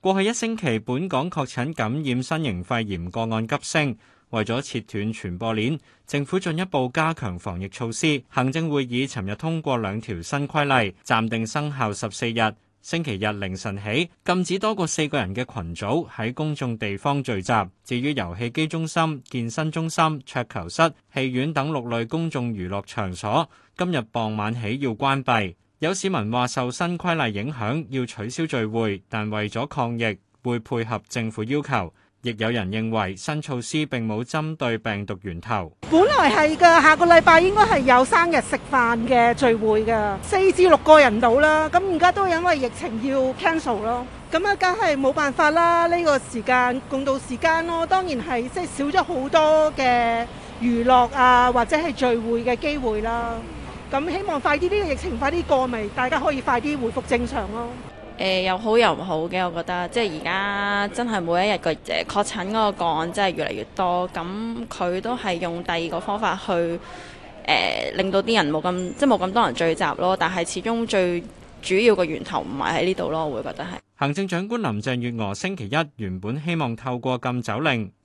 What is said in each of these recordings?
過去一星期，本港確診感染新型肺炎個案急升，為咗切斷傳播鏈，政府進一步加強防疫措施。行政會議尋日通過兩條新規例，暫定生效十四日。星期日凌晨起，禁止多過四個人嘅群組喺公眾地方聚集。至於遊戲機中心、健身中心、桌球室、戲院等六類公眾娛樂場所，今日傍晚起要關閉。有市民話受新規例影響要取消聚會，但為咗抗疫會配合政府要求。亦有人認為新措施並冇針對病毒源頭。本來係噶，下個禮拜應該係有生日食飯嘅聚會噶，四至六個人到啦。咁而家都因為疫情要 cancel 咯。咁啊，梗係冇辦法啦。呢個時間共度時間咯，當然係即係少咗好多嘅娛樂啊，或者係聚會嘅機會啦。咁希望快啲呢個疫情快啲過咪，大家可以快啲回復正常咯。誒、呃，又好又唔好嘅，我覺得，即係而家真係每一日嘅誒確診嗰個個案真係越嚟越多，咁佢都係用第二個方法去誒、呃、令到啲人冇咁即係冇咁多人聚集咯。但係始終最主要嘅源頭唔係喺呢度咯，我會覺得係。行政長官林鄭月娥星期一原本希望透過禁酒令。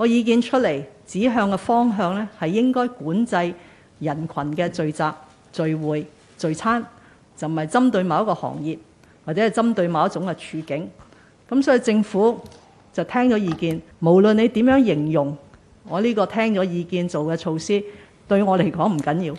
我意見出嚟指向嘅方向咧，係應該管制人群嘅聚集、聚會、聚餐，就唔係針對某一個行業或者係針對某一種嘅處境。咁所以政府就聽咗意見，無論你點樣形容，我呢個聽咗意見做嘅措施，對我嚟講唔緊要。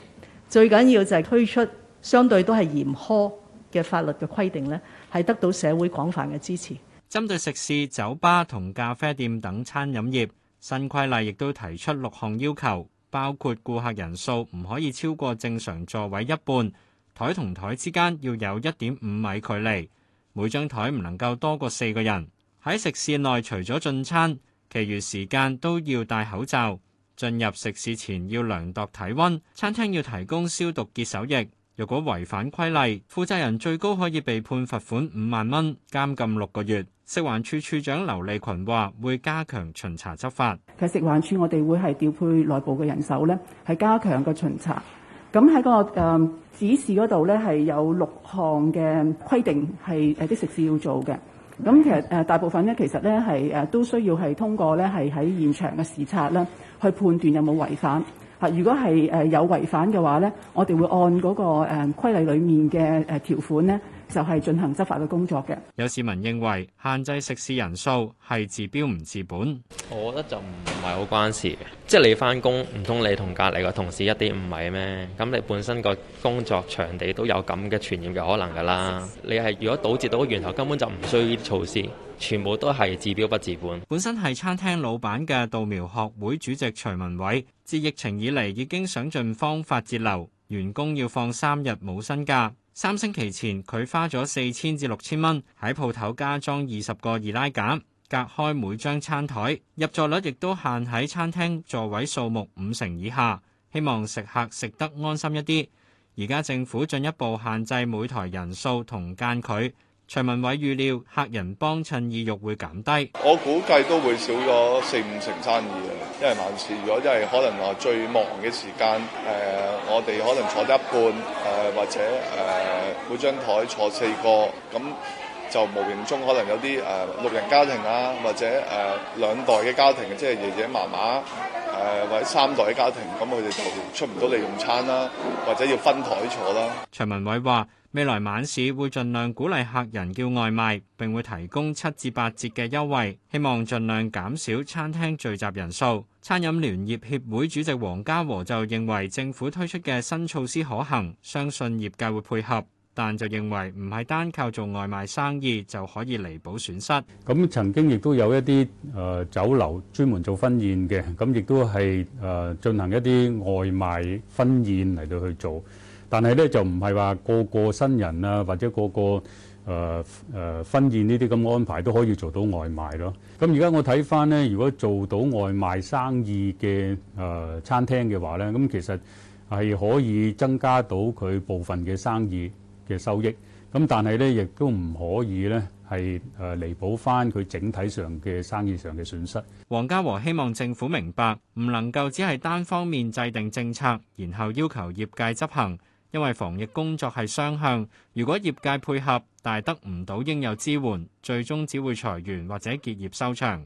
最緊要就係推出相對都係嚴苛嘅法律嘅規定咧，係得到社會廣泛嘅支持。針對食肆、酒吧同咖啡店等餐飲業。新規例亦都提出六項要求，包括顧客人數唔可以超過正常座位一半，枱同枱之間要有一點五米距離，每張枱唔能夠多過四個人。喺食肆內除咗進餐，其餘時間都要戴口罩。進入食肆前要量度體溫，餐廳要提供消毒潔手液。如果違反規例，負責人最高可以被判罰款五萬蚊、監禁六個月。食環署署長劉利群話：會加強巡查執法。其實食環署我哋會係調配內部嘅人手咧，係加強嘅巡查。咁喺個誒，呃，指示嗰度咧，係有六項嘅規定係誒啲食肆要做嘅。咁其實誒大部分咧，其實咧係誒都需要係通過咧係喺現場嘅視察啦，去判斷有冇違反。如果係有違反嘅話咧，我哋會按嗰個誒規例裏面嘅條款呢就係進行執法嘅工作嘅。有市民認為限制食肆人數係治標唔治本。我覺得就唔係好關事嘅。即係你翻工唔通你同隔離個同事一啲唔係咩？咁你本身個工作場地都有咁嘅傳染嘅可能㗎啦。你係如果堵截到源頭，根本就唔需要措施，全部都係治標不治本，本。本身係餐廳老闆嘅稻苗學會主席徐文偉，自疫情以嚟已經想盡方法截流。員工要放三日冇薪假，三星期前佢花咗四千至六千蚊喺鋪頭加裝二十個二拉架，隔開每張餐枱，入座率亦都限喺餐廳座位數目五成以下，希望食客食得安心一啲。而家政府進一步限制每枱人數同間距。徐文偉預料客人幫襯意欲會減低。我估計都會少咗四五成生意因為晚市，如果因為可能話最忙嘅時間，誒、呃，我哋可能坐得一半，誒、呃，或者誒、呃，每張台坐四個，咁就無形中可能有啲誒、呃、六人家庭啊，或者誒兩、呃、代嘅家庭，即係爺爺嫲嫲，誒、呃、或者三代嘅家庭，咁佢哋就出唔到嚟用餐啦，或者要分台坐啦。徐文偉話。未來晚市會盡量鼓勵客人叫外賣，並會提供七至八折嘅優惠，希望盡量減少餐廳聚集人數。餐飲聯業協會主席黃家和就認為政府推出嘅新措施可行，相信業界會配合，但就認為唔係單靠做外賣生意就可以彌補損失。咁曾經亦都有一啲誒酒樓專門做婚宴嘅，咁亦都係誒進行一啲外賣婚宴嚟到去做。但係咧就唔係話個個新人啊，或者個個誒誒婚宴呢啲咁嘅安排都可以做到外賣咯。咁而家我睇返咧，如果做到外賣生意嘅誒餐廳嘅話咧，咁其實係可以增加到佢部分嘅生意嘅收益。咁但係咧亦都唔可以咧係誒彌補返佢整體上嘅生意上嘅損失。黃家和希望政府明白，唔能夠只係單方面制定政策，然後要求業界執行。因為防疫工作係雙向，如果業界配合，但係得唔到應有支援，最終只會裁員或者結業收場。